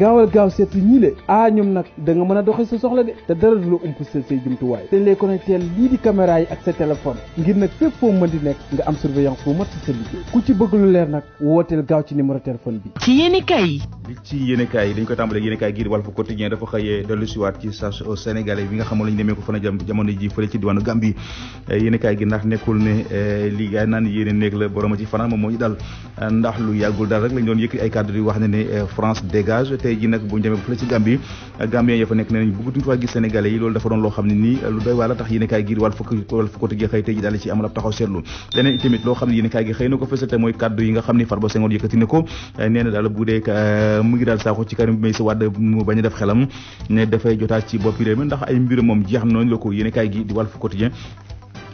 gaawal gaaw seet si ñii le ah ñoom nag da nga mën a doxee sa soxla de te dara du la umpaseel say jumtuwaay dañ lay connecté lii di caméra yi ak sa téléphone ngir nag fépp foo mën di nekk nga am surveillance bu mat sa liggéey ku ci bëgg lu leer nag wooteel gaaw ci numéro téléphone bi ci yéen i kaay yi li ci yéen i kaay yi dañ koy tàmbalee yéen i kaay giir Walf Quotidien dafa xëyee dellu si waat ci sage sénégalais bi nga xam lañu demee ko fan jamono ji fële ci diwaanu Gambie yéen i kaay gi ndax nekkul ne eh, li gaay naan yéen a ci fanaan moom moo ñu dal ndax lu yàggul dal rek lañ doon yëkkati wax ne ne eh, France dégage tey ji nag bu ñu demee fële ci Gambie Gambien ya fa nekk ne nañ bëggatuñu faa gis sénégalais yi loolu dafa doon loo xam ne lu doy waar tax yéen kaay giir wàll fukk wàll fukk tey ji daal ci amal taxaw seetlu leneen itamit loo xam ne yéen gi xëy na ko fësal mooy kaddu yi nga xam ne Farba Senghor yëkkati na ko nee daal bu dee mu ngi daal saako ci Karim Meïssa Wade mu bañ a def xelam ne dafay jotaat ci boppi réew mi ndax ay mbir moom jeex noonu la ko yéen kaay gi di wàll fukk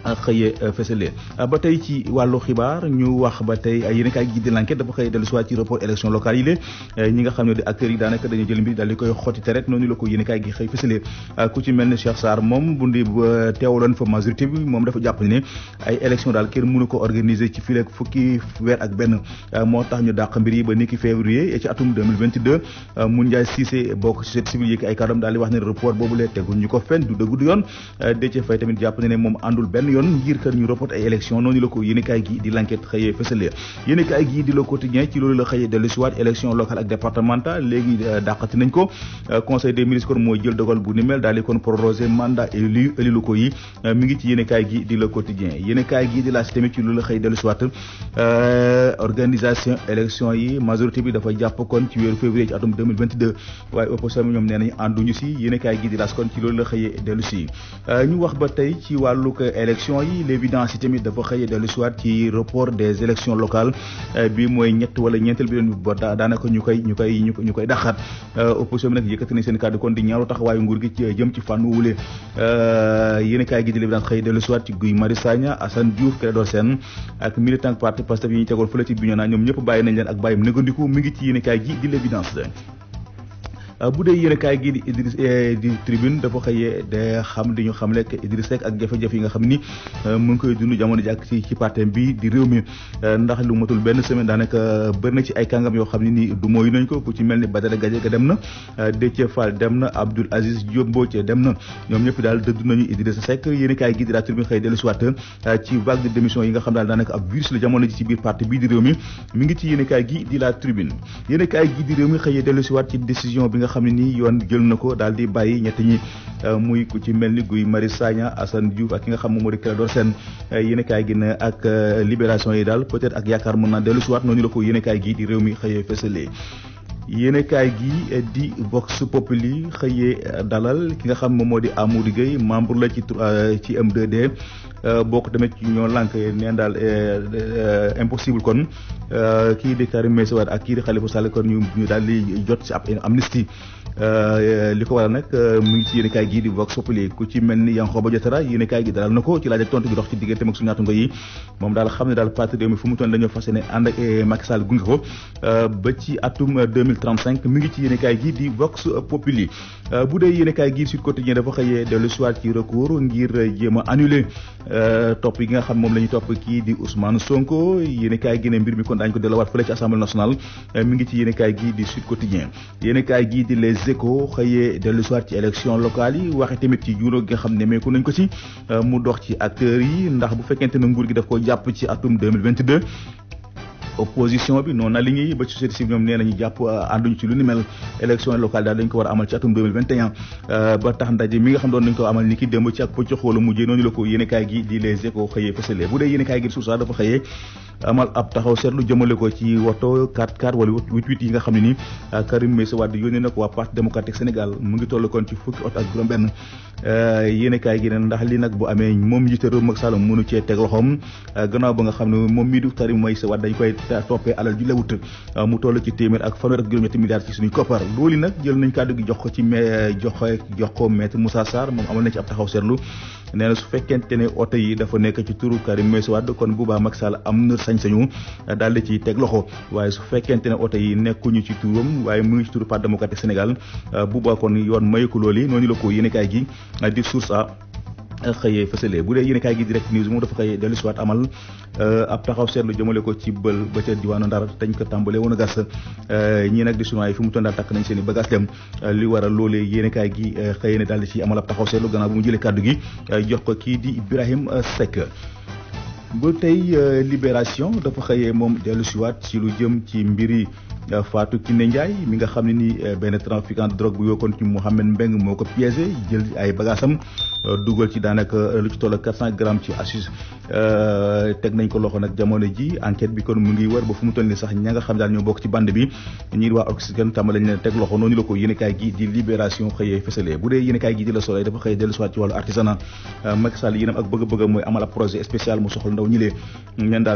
xëyee euh, fësalee euh, ba tey ci wàllu xibaar ñu wax ba tey yéen a kaay gi di l'enquête dafa xëy dellu soit ci report élection locale yi lée euh, ñi nga xam ne di acteurs yi daanaka dañu jël mbir daal di koy xottite rek noonu la ko yéen gi xëy fësalee ku ci mel ne Cheikh Sarr moom bu ndi teewaloon fa majorité bi moom dafa jàpp ne ay élection daal kenn mënu ko organiser ci fii ak fukki weer ak benn moo tax ñu dàq mbir yi ba niki février ci atum 2022 mun Ndiaye Cissé bokk société civile yi ay kàddoom daal di benn yoon ngir kër ñu report ay élection noonu la ko yéenekaay gi di l'enquête xëyee fësale yéenekaay gi di le quotidien ci loolu la xëyee dellu waat euh, euh, yi euh, mi organisation élection yi majorité bi dafa jàpp kon ci weeru février ci atum waaye opposition bi ñoom nee nañu si yéenekaay gi di laas kon ci loolu la xëyee dellu si ñu wax ba tey ci wàllu élection élection yi l'évidence yi tamit dafa xëy dellu si waat ci report des élections locales eh, bi mooy ñett wala ñeenteel bi daanaka ñu koy ñu koy ñu koy daxaat eh, opposition bi nag yëkkati nañ seen kàddu kon di ñaaru taxawaayu nguur gi jëm ci fànn wuule eh, gi dellu si ci Guy Marius Sagna Assane Diouf Clédor Sène ak militant parti Pastef yi ñu tegoon fële ci Bignona ñoom ñëpp bàyyi nañ leen ak bàyyim négandiku mi ngi ci yéen gi di l'évidence Euh, bu dee yéenekaay gi euh, di tribune dafa xëyee de xam di ñu xam lekk Idriss Seck ak jafe-jafe yi nga xam ni euh, mu ngi koy dund jamono ji ak ci ci partem bi di réew mi ndax lu matul benn semaine daanaka bëri na ci ay kàngam yoo xam ne ni du mooy ko ku ci mel ni Badara Gadiaga dem na Déthié Fall dem na Abdoul Aziz Diop Mbotia dem na ñoom ñëpp daal dëdd nañu Idriss Seck yéenekaay gi di la tribune xëy dellu si de démission xam daal daanaka ab virus la jamono ji ci biir parti bii di si waat ci décision bi nga xam ne nii yoon jël na ko daal di bàyyi ñett ñi euh, muy ku ci mel ni Guy Marius Sagna Assane Diouf ak ki nga xam moom moo di Clédor seen euh, yéenekaay gi ne ak euh, libération yi daal peut-être ak yaakaar mën naa dellu si waat noonu la ko yéenekaay gi di réew mi xëyee fësalee yéenekaay gi di Vox Populi xëyee dalal ki nga xam moom moo di Amadou Gueye membre la ci ci M2D bokk tamit ci ñoo lànk neen daal impossible kon Euh, kii di Karim Meïssa Wade ak kii di Khalifa Sall kon ñu daal di jot si ab euh, li ko waral nag euh, mu ngi ci yéen kaay di Vox Populi ku ci mel ni Yankhoba Diattara yéen kaay gi dalal na ko ci laaj ak tontu gi dox ci diggante ak suñu naatango yi moom daal xam ne daal parti mi fu mu toon dañoo fas yéene ànd ak Macky Sall gunge ko ba ci atum 2035 mi ngi ci yéen kaay gii di Vox Populi bu dee yéen kaay gii Sud Quotidien dafa xëyee dellu soir ci recours ngir jéem a yi nga xam moom la ñuy topp kii di Ousmane Sonko yéen kaay gi ne mi kon dañ ko delluwaat fële ci assemblée nationale eh, mi ngi ci yéenekaay gi di Sud Quotidien yéenekaay gi di Les Échos xëyee dellu soir ci élection locale yi waxe tamit ci juróo gi nga xam ne meeku nañ ko ci eh, mu dox ci acteurs yi ndax bu fekkente ne nguur gi daf ko jàpp ci atum 2022 opposition bi non aligné yi ba ci société civile ñoom nee nañu jàpp euh, ànduñu ci lu ni mel élection locale daal dañ ko war a amal ci atum euh, ba tax ndaje mi nga xam doon dañ ko amal ni ki démb ci ak pëcc xoolu mujjee noonu ko yéenekaay gi gi suusa euh, na ko waa ndax li nag bu amee moom njiite réew Macky Sall mënu cee teg loxoom gannaaw ba nga xam ne moom mii du Karim Meïssa Wade dañ koy toppee alal ju lewut uh, mu toll ci téeméer ak fanweer ak juróom-ñetti milliards ci suñuy koppar loolu nag jël nañ kàddu gi jox ko ci mais eh, jox jox ko maître Moussa Sarr moom amal na ci ab taxaw seetlu nee na su fekkente ne oto yi dafa nekk ci turu Karim Meïssa Wade kon bu baax Macky Sall am na sañ-sañu uh, daal di ci teg loxo waaye su fekkente ne oto yi nekkuñu ci turam waaye mu ngi ci turu Parti démocratique Sénégal uh, bu baax kon yoon mayu ko loolu noonu la ko yéenekaay gi di source xëyee fësalee bu dee yéen kaay gi direct news moom dafa xëyee dellu si waat amal euh, ab taxaw seetlu jëmale ko ci bël ba ca diwaanu Ndar dañ ko tàmbalee woon a gas euh, ñii nag di chinois fi mu toon takk nañ seen i bagage dem euh, li waral loolee yéen kaay gi xëyee ne daal di ci amal ab taxaw seetlu gannaaw bu mu jëlee kàddu gi jox ko kii di Ibrahim Seck bu tey libération dafa xëyee moom dellu si waat ci lu jëm ci mbiri Fatou Kiné Ndiaye mi nga xam ne ni eh, benn trafiquant de drogue bu kon ci Mouhamed Mbeng moo ko piégé jël ay bagaasam eh, dugal ci daanaka eh, lu ci toll ak 400 grammes ci assis teg nañ ko loxo nag jamono ji enquête bi kon mu ngi war ba fu mu toll ni sax ña nga xam daal ñoo bokk ci band bi ñi waa Oxygène tàmbali lañ leen teg loxo noonu la ko yéenekaay gi di Libération xëyee fësale bu dee yéenekaay gi di la Soleil dafa xëy dellu soit ci wàllu artisanat Macky Sall yéenam ak bëgg-bëggam mooy amal ab projet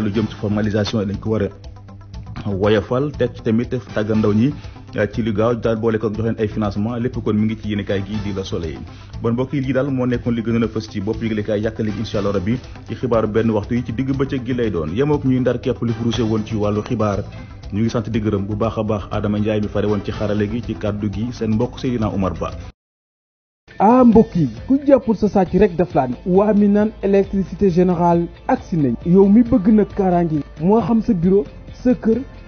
jëm formalisation lañ ko war a woyofal teg tamit tàggat ndaw ñi euh, ci li gaaw daal boole ko jox leen ay financement lépp kon mi ngi ci yéenekaay gi di la Soleil bon mbokk yi lii daal moo nekkoon li gën a fës ci bopp yëglekaay yàkkali incha allah rabbi ci xibaaru benn waxtu yi ci digg bëccëg gi lay doon yemook ñuy ndar képp li furuuse woon ci wàllu xibaar ñu ngi sant di gërëm bu baax a baax Adama Ndiaye mi fare woon ci xarale gi ci kàddu gi seen mbokk Seydina Omar Ba aa ah, mbokk yi ku jàppul sa sàcc rek daf laa ne waa mi naan électricité générale agsi nañ yow mi bëgg nag kaaraange yi moo xam sa bureau sa kër